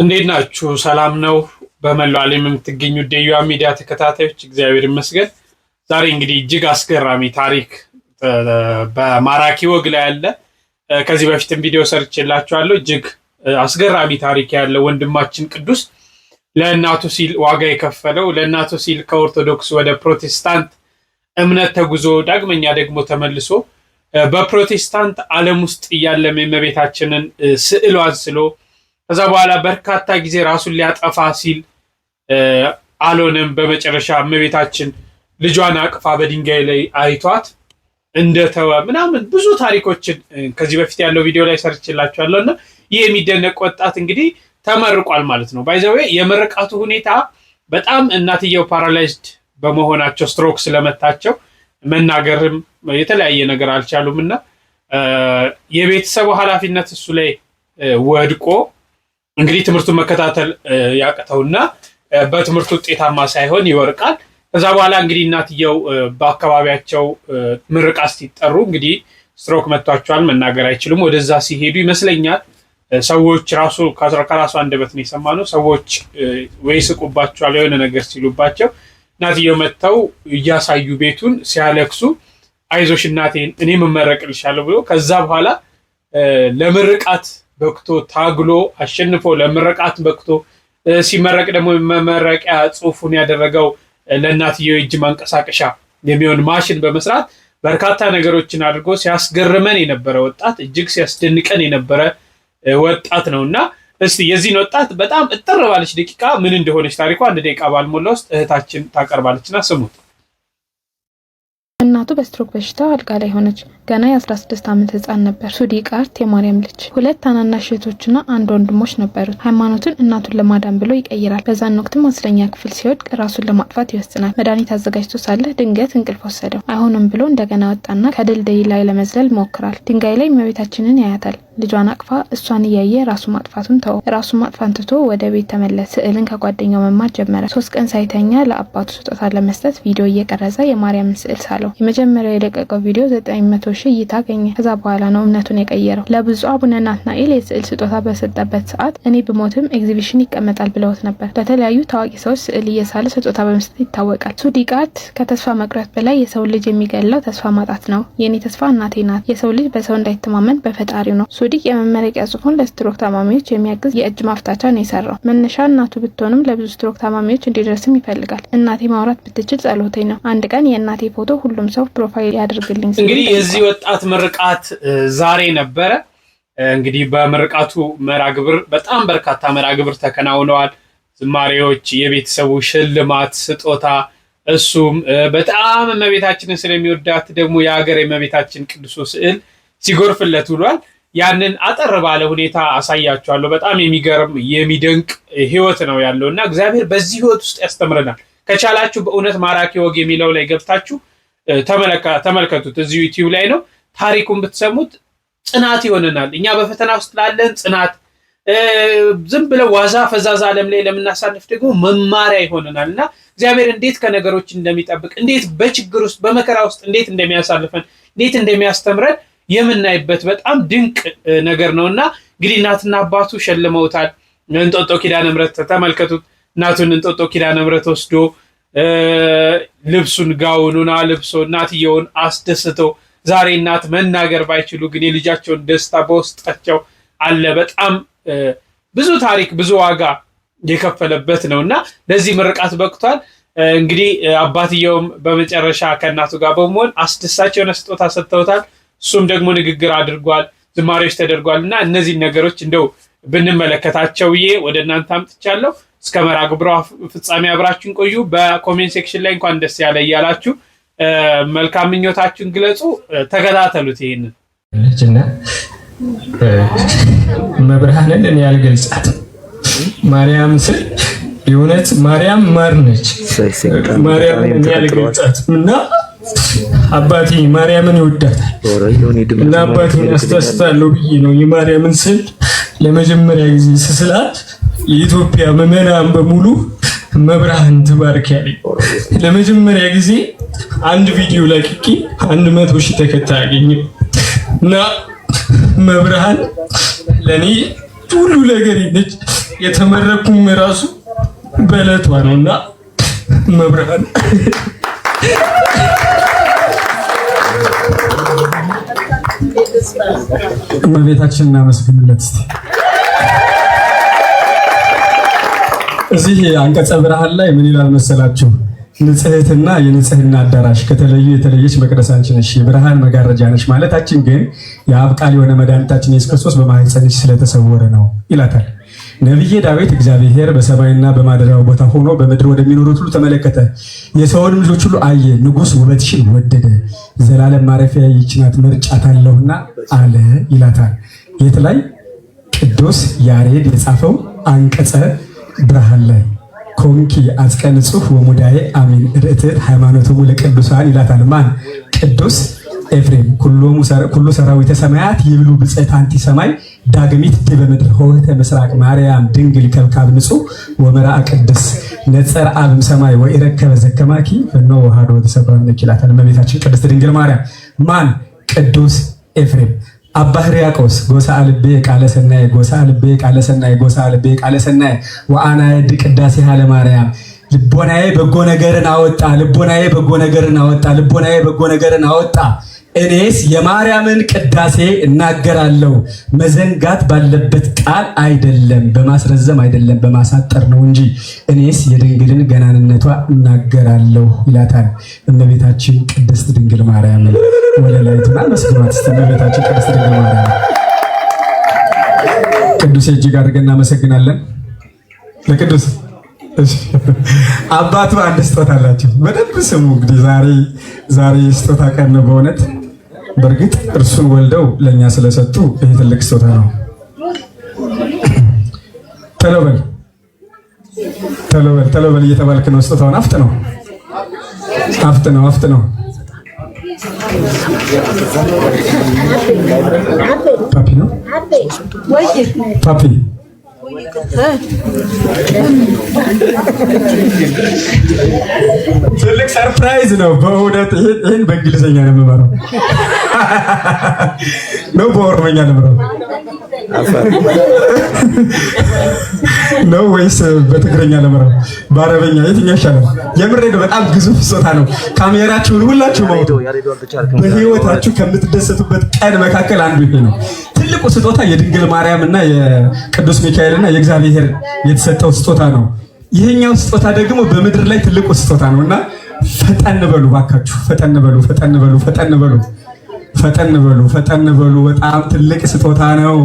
እንዴት ናችሁ? ሰላም ነው? በመላው ዓለም የምትገኙ ደዩዋ ሚዲያ ተከታታዮች እግዚአብሔር ይመስገን። ዛሬ እንግዲህ እጅግ አስገራሚ ታሪክ በማራኪ ወግ ላይ ያለ ከዚህ በፊትም ቪዲዮ ሰርችላችኋለሁ። እጅግ አስገራሚ ታሪክ ያለው ወንድማችን ቅዱስ ለእናቱ ሲል ዋጋ የከፈለው ለእናቱ ሲል ከኦርቶዶክስ ወደ ፕሮቴስታንት እምነት ተጉዞ ዳግመኛ ደግሞ ተመልሶ በፕሮቴስታንት ዓለም ውስጥ እያለም የእመቤታችንን ስዕሏን አንስሎ ከዛ በኋላ በርካታ ጊዜ ራሱን ሊያጠፋ ሲል አልሆነም። በመጨረሻ እመቤታችን ልጇን አቅፋ በድንጋይ ላይ አይቷት እንደተወ ምናምን ብዙ ታሪኮችን ከዚህ በፊት ያለው ቪዲዮ ላይ ሰርችላችኋለሁ እና ይህ የሚደነቅ ወጣት እንግዲህ ተመርቋል ማለት ነው። ባይዘዌ የምርቃቱ ሁኔታ በጣም እናትየው ፓራላይዝድ በመሆናቸው ስትሮክ ስለመታቸው መናገርም የተለያየ ነገር አልቻሉም እና የቤተሰቡ ኃላፊነት እሱ ላይ ወድቆ እንግዲህ ትምህርቱን መከታተል ያቅተውና በትምህርቱ ውጤታማ ሳይሆን ይወርቃል። ከዛ በኋላ እንግዲህ እናትየው በአካባቢያቸው ምርቃት ሲጠሩ እንግዲህ ስትሮክ መጥቷቸዋል፣ መናገር አይችሉም። ወደዛ ሲሄዱ ይመስለኛል ሰዎች ራሱ ከራሱ አንደበት ነው የሰማነው። ሰዎች ወይ ስቁባቸዋል የሆነ ነገር ሲሉባቸው እናትየው መጥተው እያሳዩ ቤቱን ሲያለክሱ አይዞሽ እናቴን እኔ እመረቅልሻለሁ ብሎ ከዛ በኋላ ለምርቃት በክቶ ታግሎ አሸንፎ ለምርቃት በክቶ ሲመረቅ ደግሞ መመረቂያ ጽሑፉን ያደረገው ለእናትየው የእጅ ማንቀሳቀሻ የሚሆን ማሽን በመስራት በርካታ ነገሮችን አድርጎ ሲያስገርመን የነበረ ወጣት እጅግ ሲያስደንቀን የነበረ ወጣት ነው እና እስቲ የዚህን ወጣት በጣም እጥር ባለች ደቂቃ ምን እንደሆነች ታሪኳ አንድ ደቂቃ ባልሞላ ውስጥ እህታችን ታቀርባለችና ስሙት። እናቱ በስትሮክ በሽታ አልጋ ላይ ሆነች። ገና የ16 ዓመት ህጻን ነበር። ሱዲ ቃርት የማርያም ልጅ ሁለት ታናናሽ እህቶችና አንድ ወንድሞች ነበሩት። ሃይማኖቱን እናቱን ለማዳን ብሎ ይቀይራል። በዛን ወቅትም አስረኛ ክፍል ሲወድቅ ራሱን ለማጥፋት ይወስናል። መድኃኒት አዘጋጅቶ ሳለ ድንገት እንቅልፍ ወሰደው። አይሆንም ብሎ እንደገና ወጣና ከድልድይ ላይ ለመዝለል ሞክራል። ድንጋይ ላይ እመቤታችንን ያያታል። ልጇን አቅፋ እሷን እያየ ራሱ ማጥፋቱን ተወ። ራሱ ማጥፋን ትቶ ወደ ቤት ተመለሰ። ስዕልን ከጓደኛው መማር ጀመረ። ሶስት ቀን ሳይተኛ ለአባቱ ስጦታ ለመስጠት ቪዲዮ እየቀረጸ የማርያምን ስዕል ሳለው። የመጀመሪያው የደቀቀው ቪዲዮ 900 ሺህ እይታ አገኘ። ከዛ በኋላ ነው እምነቱን የቀየረው። ለብፁዕ አቡነ ናትናኤል የስዕል ስጦታ በሰጠበት ሰዓት እኔ ብሞትም ኤግዚቢሽን ይቀመጣል ብለውት ነበር። ለተለያዩ ታዋቂ ሰዎች ስዕል እየሳለ ስጦታ በመስጠት ይታወቃል። ሱዲቃት ከተስፋ መቁረጥ በላይ የሰው ልጅ የሚገላው ተስፋ ማጣት ነው። የእኔ ተስፋ እናቴ ናት። የሰው ልጅ በሰው እንዳይተማመን በፈጣሪው ነው። ሱዲቅ የመመረቂያ ጽሑፉን ለስትሮክ ታማሚዎች የሚያግዝ የእጅ ማፍታቻ ነው የሰራው። መነሻ እናቱ ብትሆንም ለብዙ ስትሮክ ታማሚዎች እንዲደርስም ይፈልጋል። እናቴ ማውራት ብትችል ጸሎተኝ ነው። አንድ ቀን የእናቴ ፎቶ ሁሉም ሰው ፕሮፋይል ያደርግልኝ። እንግዲህ የዚህ የወጣት ምርቃት ዛሬ ነበረ። እንግዲህ በምርቃቱ መራግብር በጣም በርካታ መራግብር ተከናውነዋል። ዝማሬዎች፣ የቤተሰቡ ሽልማት ስጦታ፣ እሱም በጣም እመቤታችንን ስለሚወዳት ደግሞ የሀገር የእመቤታችን ቅዱሱ ስዕል ሲጎርፍለት ውሏል። ያንን አጠር ባለ ሁኔታ አሳያችኋለሁ። በጣም የሚገርም የሚደንቅ ህይወት ነው ያለው እና እግዚአብሔር በዚህ ህይወት ውስጥ ያስተምረናል። ከቻላችሁ በእውነት ማራኪ ወግ የሚለው ላይ ገብታችሁ ተመልከቱት። እዚህ ዩቲዩብ ላይ ነው። ታሪኩን ብትሰሙት ጽናት ይሆንናል። እኛ በፈተና ውስጥ ላለን ጽናት፣ ዝም ብለው ዋዛ ፈዛዛ ዓለም ላይ ለምናሳልፍ ደግሞ መማሪያ ይሆንናል እና እግዚአብሔር እንዴት ከነገሮች እንደሚጠብቅ እንዴት በችግር ውስጥ በመከራ ውስጥ እንዴት እንደሚያሳልፈን እንዴት እንደሚያስተምረን የምናይበት በጣም ድንቅ ነገር ነው እና እንግዲህ እናትና አባቱ ሸልመውታል። እንጦጦ ኪዳነ ምሕረት ተመልከቱት። እናቱን እንጦጦ ኪዳነ ምሕረት ወስዶ ልብሱን ጋውኑና ልብሶ እናትየውን አስደስተው ዛሬ እናት መናገር ባይችሉ ግን የልጃቸውን ደስታ በውስጣቸው አለ። በጣም ብዙ ታሪክ ብዙ ዋጋ የከፈለበት ነው እና ለዚህ ምርቃት በቅቷል። እንግዲህ አባትየውም በመጨረሻ ከእናቱ ጋር በመሆን አስደሳች የሆነ ስጦታ ሰጥተውታል። እሱም ደግሞ ንግግር አድርጓል፣ ዝማሬዎች ተደርጓል እና እነዚህን ነገሮች እንደው ብንመለከታቸው ብዬ ወደ እናንተ አምጥቻለሁ። እስከ መርሃ ግብሩ ፍጻሜ አብራችን ቆዩ። በኮሜንት ሴክሽን ላይ እንኳን ደስ ያለ እያላችሁ መልካም ምኞታችን ግለጹ። ተከታተሉት። ይህንን ልጅና መብርሃንን እኔ ያልገልጻት ማርያም ስል የእውነት ማርያም ማር ነች። ማርያም እኔ እና አባቴ ማርያምን ይወዳታል እና አባቴን አስደስታለሁ ብዬ ነው የማርያምን ስል ለመጀመሪያ ጊዜ ስስላት የኢትዮጵያ ምዕመናን በሙሉ መብርሃን ትባርክ ያለኝ ለመጀመሪያ ጊዜ አንድ ቪዲዮ ለቅቂ አንድ መቶ ሺህ ተከታይ አገኘ እና መብርሃን ለእኔ ሁሉ ነገር ነች። የተመረኩም ራሱ በእለቷ ነው እና መብርሃን እመቤታችን እናመስግንለት። እዚህ አንቀጸ ብርሃን ላይ ምን ይላል መሰላችሁ? ንጽህትና የንጽህና አዳራሽ ከተለዩ የተለየች መቅደስ አንቺ ነሽ፣ የብርሃን መጋረጃ ነች ማለታችን ግን የአብ ቃል የሆነ መድኃኒታችን ኢየሱስ ክርስቶስ በማኅፀንሽ ስለተሰወረ ነው ይላታል። ነቢየ ዳዊት እግዚአብሔር በሰማይና በማደሪያው ቦታ ሆኖ በምድር ወደሚኖሩት ሁሉ ተመለከተ፣ የሰውንም ልጆች ሁሉ አየ። ንጉሥ ውበትሽን ወደደ፣ ዘላለም ማረፊያ ይህች ናት መርጫታለሁና አለ ይላታል። የት ላይ ቅዱስ ያሬድ የጻፈው አንቀጸ ብርሃን ላይ ኮንኪ አጽቀን ጽሁፍ ወሙዳዬ አሚን ርእትት ሃይማኖቶሙ ለቅዱሳን ይላታል። ማን ቅዱስ ኤፍሬም ኩሉ ሰራዊተ ሰማያት ይብሉ ብፅዕት አንቲ ሰማይ ዳግሚት ዲበ ምድር ሆህተ ምስራቅ ማርያም ድንግል ከብካብ ንጹሕ ወመራ ቅድስ ነጸር አብም ሰማይ ወኢረከበ ዘከማኪ እኖ ውሃዶ ተሰብረ ይላታል። እመቤታችን ቅድስት ድንግል ማርያም ማን ቅዱስ ኤፍሬም አባ ሕርያቆስ ጎሳ አልቤ ቃለ ሰናይ ጎሳ አልቤ ቃለ ሰናይ ጎሳ አልቤ ቃለ ሰናይ ወአናዬ ድቅዳሴ ማርያም ልቦናዬ በጎ ነገርን አወጣ ልቦናዬ በጎ ነገርን አወጣ ልቦናዬ በጎ ነገርን አወጣ እኔስ የማርያምን ቅዳሴ እናገራለሁ። መዘንጋት ባለበት ቃል አይደለም፣ በማስረዘም አይደለም፣ በማሳጠር ነው እንጂ እኔስ የድንግልን ገናንነቷ እናገራለሁ ይላታል። እመቤታችን ቅድስት ድንግል ማርያም ወለላይቱና አመስግኗት። ስ እመቤታችን ቅድስት ድንግል ማርያም ቅዱስ እጅግ አድርገን እናመሰግናለን። ለቅዱስ አባቱ አንድ ስጦታ አላቸው። በደንብ ስሙ። እንግዲህ ዛሬ ዛሬ ስጦታ ቀን ነው በእውነት በእርግጥ እርሱን ወልደው ለእኛ ስለሰጡ ይህ ትልቅ ስጦታ ነው። ተለበል ተለበል ተለበል እየተባልክ ነው። ስጦታውን አፍጥ ነው አፍጥ ነው አፍጥ ነው። ፓፒ ነው ፓፒ ትልቅ ሰርፕራይዝ ነው በእውነት። ይህን በእንግሊዝኛ ነው የምመራው። ነው በኦሮምኛ ነበር ነው ወይስ በትግረኛ ነበር? በአረበኛ የትኛው ይሻላል? የምሬ ነው። በጣም ግዙፍ ስጦታ ነው። ካሜራችሁን ሁላችሁ በህይወታችሁ ከምትደሰቱበት ቀን መካከል አንዱ ይሄ ነው። ትልቁ ስጦታ የድንግል ማርያም እና የቅዱስ ሚካኤል እና የእግዚአብሔር የተሰጠው ስጦታ ነው። ይሄኛው ስጦታ ደግሞ በምድር ላይ ትልቁ ስጦታ ነው እና ፈጠን በሉ ባካችሁ ፈጠን በሉ፣ ፈጠን በሉ፣ ፈጠን በሉ። ፈጠን በሉ ፈጠን በሉ። በጣም ትልቅ ስጦታ ነው።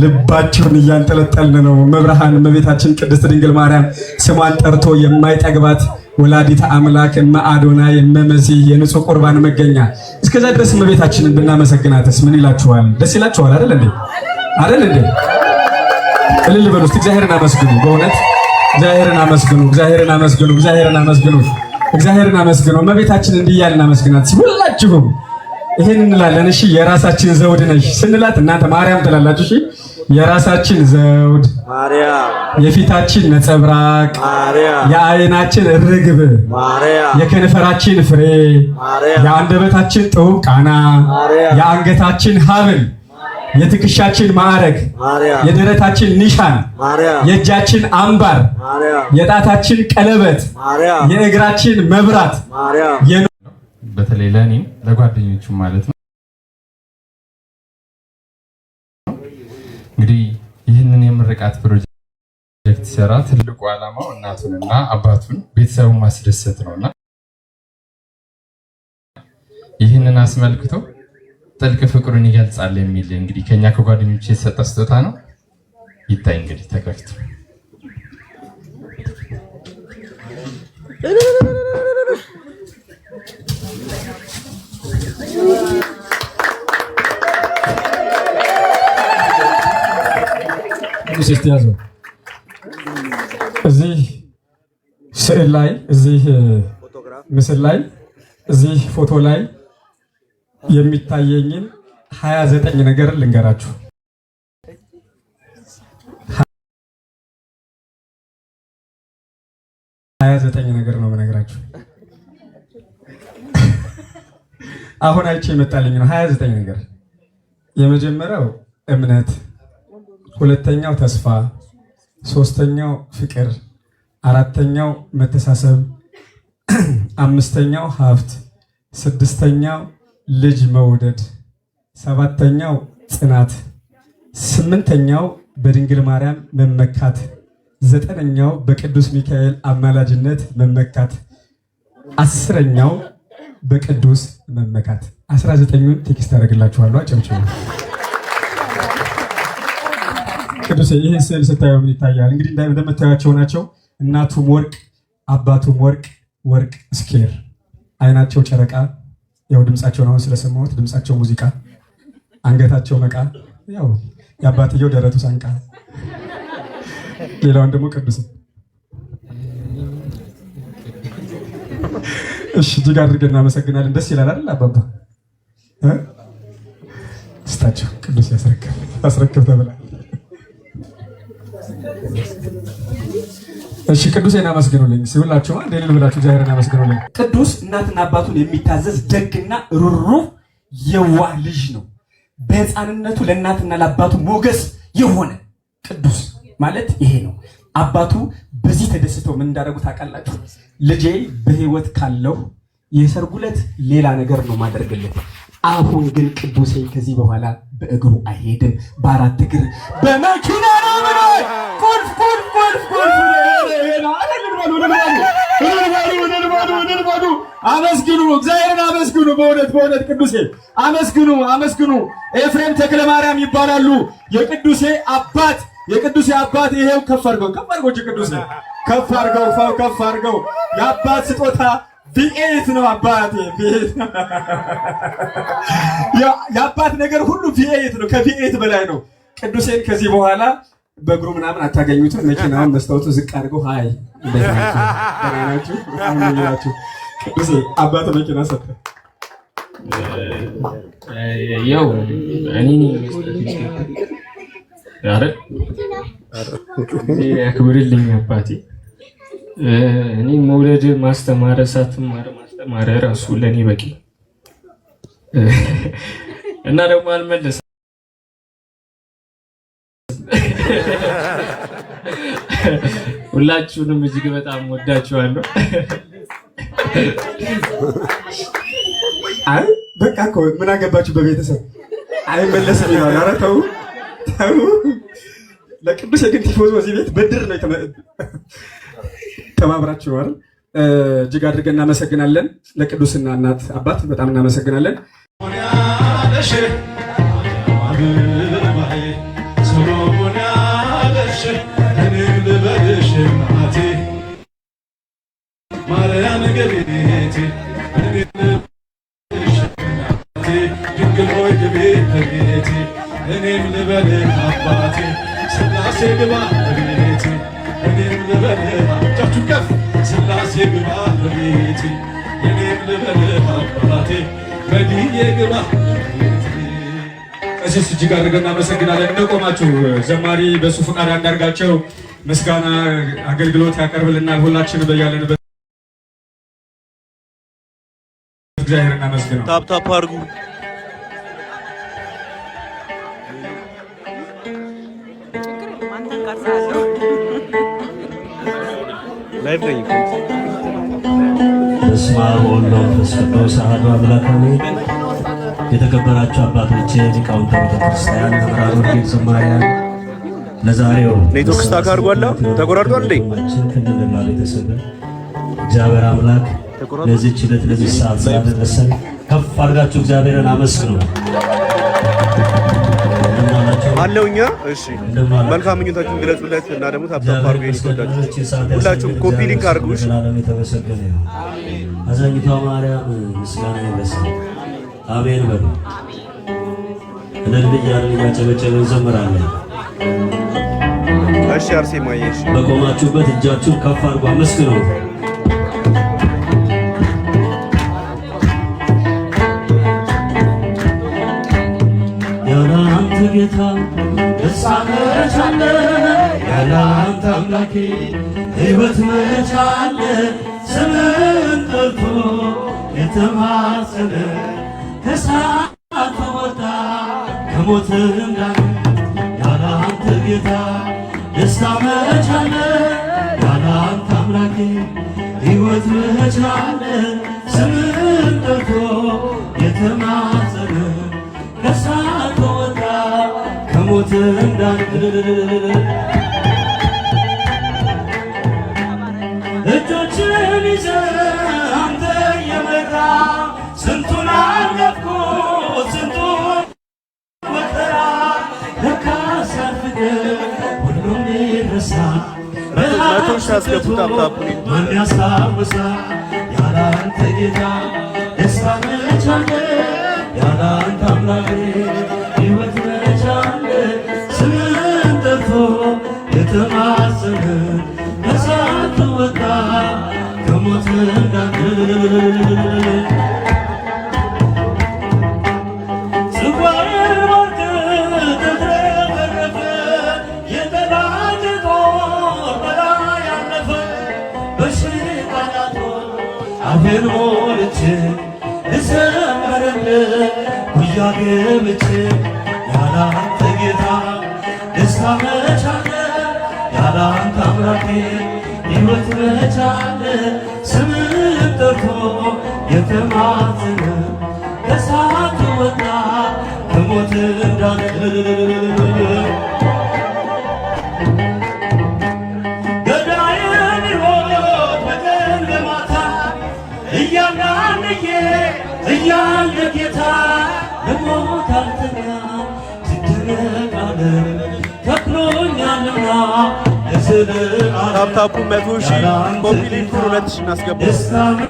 ልባችሁን እያንጠለጠልን ነው። መብርሃን መቤታችን ቅድስት ድንግል ማርያም ስሟን ጠርቶ የማይጠግባት ወላዲት አምላክ እመ አዶናይ እመ መሲሕ የንጹህ ቁርባን መገኛ። እስከዛ ድረስ መቤታችንን ብናመሰግናትስ ምን ይላችኋል? ደስ ይላችኋል አይደል እንዴ? አይደል እንዴ? እልል በሉ እስቲ እግዚአብሔርን አመስግኑ። በእውነት እግዚአብሔርን አመስግኑ። እግዚአብሔርን አመስግኑ። እግዚአብሔርን አመስግኑ። እግዚአብሔርን አመስግኑ። መቤታችን እንዲህ እያልን አመስግናት ሁላችሁም ይህን እንላለን። እሺ የራሳችን ዘውድ ነሽ ስንላት እናንተ ማርያም ትላላችሁ። እሺ የራሳችን ዘውድ ማርያም፣ የፊታችን ነጸብራቅ ማርያም፣ የአይናችን ርግብ ማርያም፣ የከንፈራችን ፍሬ ማርያም፣ የአንደበታችን ጥዑም ቃና ማርያም፣ የአንገታችን ሀብል የትከሻችን ማዕረግ የደረታችን ኒሻን የእጃችን አምባር የጣታችን ቀለበት የእግራችን መብራት በተለይ ለእኔም ለጓደኞቹ ማለት ነው። እንግዲህ ይህንን የምርቃት ፕሮጀክት ሲሰራ ትልቁ ዓላማው እናቱንና አባቱን ቤተሰቡን ማስደሰት ነውና ይህንን አስመልክቶ ጥልቅ ፍቅሩን ይገልጻል የሚል እንግዲህ ከኛ ከጓደኞች የተሰጠ ስጦታ ነው። ይታይ እንግዲህ ተከፍቶ እዚህ ስዕል ላይ እዚህ ምስል ላይ እዚህ ፎቶ ላይ የሚታየኝን ሀያ ዘጠኝ ነገር ልንገራችሁ። ሀያ ዘጠኝ ነገር ነው የምነግራችሁ። አሁን አይቼ ይመጣልኝ ነው። ሀያ ዘጠኝ ነገር የመጀመሪያው እምነት፣ ሁለተኛው ተስፋ፣ ሶስተኛው ፍቅር፣ አራተኛው መተሳሰብ፣ አምስተኛው ሀብት፣ ስድስተኛው ልጅ መውደድ፣ ሰባተኛው ጽናት፣ ስምንተኛው በድንግል ማርያም መመካት፣ ዘጠነኛው በቅዱስ ሚካኤል አማላጅነት መመካት፣ አስረኛው በቅዱስ መመካት አስራ ዘጠኙን ቴክስት አደርግላችኋለሁ። አጨብጭቡ። ቅዱስ ይህን ስዕል ስታየው ምን ይታያል? እንግዲህ እንደምታያቸው ናቸው። እናቱም ወርቅ አባቱም ወርቅ ወርቅ ስኬር አይናቸው ጨረቃ፣ ያው ድምፃቸውን አሁን ስለሰማሁት ድምፃቸው ሙዚቃ፣ አንገታቸው መቃ፣ ያው የአባትየው ደረቱ ሳንቃ፣ ሌላውን ደግሞ ቅዱስ እሺ እጅግ አድርገን እናመሰግናለን። ደስ ይላል አይደል አባባ? ስታቸው ቅዱስ ያስረክብ ታስረክብ ተብላ እሺ ቅዱሴን አመስግኑልኝ። ሲብላችሁ አንዴ ልል ብላችሁ እግዚአብሔርን አመስግኑልኝ። ቅዱስ እናትና አባቱን የሚታዘዝ ደግና ሩሩ የዋህ ልጅ ነው። በህፃንነቱ ለእናትና ለአባቱ ሞገስ የሆነ ቅዱስ ማለት ይሄ ነው። አባቱ በዚህ ተደስተው ምን እንዳደረጉ ታውቃላችሁ? ልጄ በህይወት ካለው የሰርጉ ዕለት ሌላ ነገር ነው ማደርግለት። አሁን ግን ቅዱሴ ከዚህ በኋላ በእግሩ አይሄድም፣ በአራት እግር በመኪና ነው። ቁልፍ ቁልፍ ቁልፍ ቁልፍ አመስግኑ፣ እግዚአብሔርን አመስግኑ። በእውነት በእውነት ቅዱሴ አመስግኑ፣ አመስግኑ። ኤፍሬም ተክለ ማርያም ይባላሉ። የቅዱሴ አባት የቅዱሴ አባት ይሄው ከፈርገው ከፈርጎች ቅዱሴ ከፍ አድርገው ሰው ከፍ አድርገው። የአባት ስጦታ ቪኤት ነው። አባቴ ቪኤት ነው። የአባት ነገር ሁሉ ቪኤት ነው። ከቪኤት በላይ ነው። ቅዱሴን ከዚህ በኋላ በእግሩ ምናምን አታገኙትም። መኪናውን መስታወቱ ዝቅ አድርገው ሀይ ናችሁ ናችሁ። ቅዱሴ አባት መኪና ሰጠ። ያው እኔ ያክብርልኝ አባቴ እኔ መውለድ ማስተማረ ሳትማር ማስተማረ ራሱ ለእኔ በቂ እና ደግሞ አልመለሰም። ሁላችሁንም እጅግ በጣም ወዳችኋለሁ። አይ በቃ እኮ ምን አገባችሁ በቤተሰብ አይመለስም ይሆናል። ኧረ ተው ተው። ለቅዱስ የግን ቲፎዞ እዚህ ቤት በድር ነው ተባብራችኋል። እጅግ አድርገን እናመሰግናለን። ለቅዱስና እናት አባት በጣም እናመሰግናለን። እኔም ልበል አባቴ ስላሴ ግባ ቤቴ እኔም ልበል ግባ ለቤት የኔም ልበልህ አባቴ በድዬ ግባ ቀሲስ እጅግ አድርገን እናመሰግናለን። እንደቆማችሁ ዘማሪ በሱ ፍቃድ አንዳርጋቸው ምስጋና አገልግሎት ያቀርብልናል። ሁላችን በያለንበት እግዚአብሔር እናመስግነው። ታፕታፕ አድርጉ። ላይቭ በስመ አብ ወወልድ ወመንፈስ ቅዱስ አሐዱ አምላክ አሜን። የተከበራችሁ አባቶቼ ሊቃውንተ ቤተክርስቲያን፣ ተራሩ ዘማሪያን ለዛሬው ኔትወርክ ስታክ አድርጓል፣ ተቆራርጧል እንዴ ቤተሰብ እግዚአብሔር አምላክ ለዚህ ዕለት ለዚህ ሰዓት ስላደረሰን ከፍ አድርጋችሁ እግዚአብሔርን አመስግኑ። አለውኛ። እሺ መልካም ምኞታችሁን ግለጹለት እና ደግሞ ታብታብ ሁላችሁም ኮፒ ሊንክ አድርጉ። አዛኝቷ ማርያም ምስጋና ይበሳል። አሜን በሉ። እልል እያልን እያጨበጨብን እንዘምራለን። እሺ አርሴማዬ፣ በቆማችሁበት እጃችሁን ከፍ አድርጓ አመስግኑ። ጌታ ደስታ መቻለ ያለ አንተ አምላኬ ሕይወት መቻለ ስምን ጠርቶ የተማጸነ ከሳት ወጣ ከሞት እንዳለ ያለ አንተ ጌታ ደስታ መቻለ ያለ አንተ አምላኬ ሕይወት መቻለ ስምን ጠርቶ የተማጸነ ከሳት ከሞት እንዳንድር እጆችን ይዘ አንተ የመራ ስንቱን አለፍኩ ስንቱን መከራ ለካ ሳፍቅር ሁሉም ይረሳ ማን ያስታውሳ ያለ አንተ ጌታ ደስታ መቻለ ያለ አንተ አምላክ ተማሰነ እሳት ከሞት አፌን ሞልቼ ልዘምርልህ ጉያ ገብቼ ጌታ ደስታ ሰላምታ አምላኬ ሕይወት መቻለ ስም ጠርቶ የተማዘነ ከሳት ወጣ ከሞት እንዳንል እያለ ጌታ ለሞት አልተኛ ትደነቃለህ ተክሎኛልና ታፕታፑ መቶ ሺህ ኮምፒሊንቱን ሁለት ሺህ እናስገባ።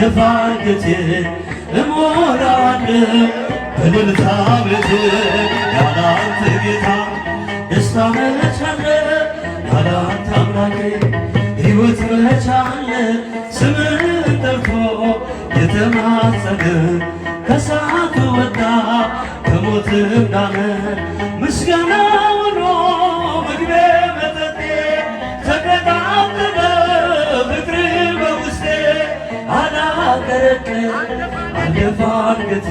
በፋንክትህ እሞላለሁ በእልልታ ቤትህ ያላንተ ጌታ ደስታ መቻለ አለ ያላንተ አምላኬ ሕይወት መች አለ ስምህን ጠርቶ የተማጸነ ከእሳት ወጣ ከሞትም ዳነ ሳልጠረጥር አለፈ አንገቴ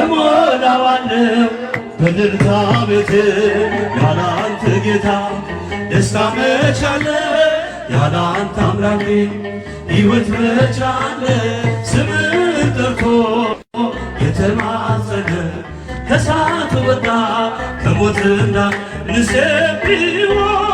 እሞላዋለሁ በእልልታ ቤት ያለ አንተ ጌታ ደስታ መቻለ ያለ አንተ አምላኬ ሕይወት መቻለ ስምህን ጠርቶ የተማጸነ ከሳት ወጣ ከሞትና ንሴ ቢሆን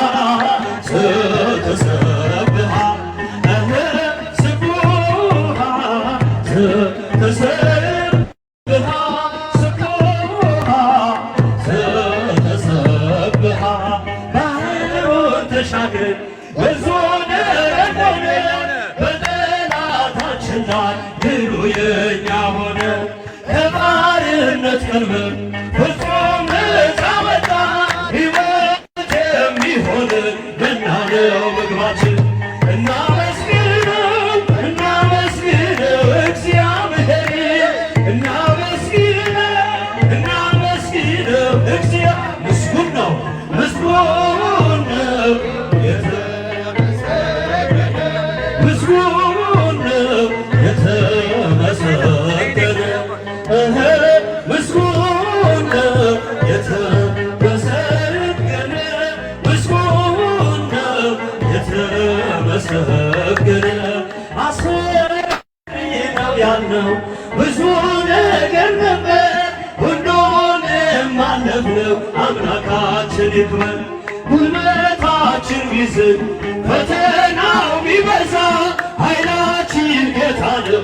ቀልበ ቃል ነው። ብዙ ነገር ነበር ሁሉንም አለፍነው። አምላካችን ይክበር። ጉልበታችን ቢዝን ፈተናው ቢበዛ ኃይላችን ጌታ ነው።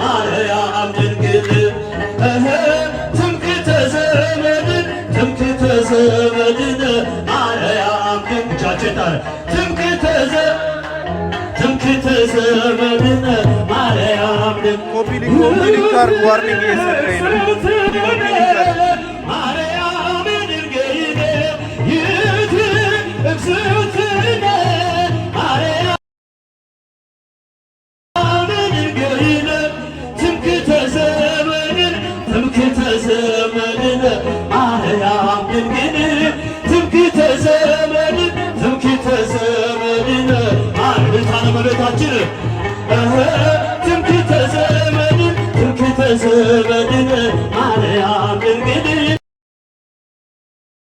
ማርያም ድንግል ትምክህተ ዘመድን ትምክህተ ዘመድን ማርያም ትምክህተ ዘመድን ማርያም ድንግል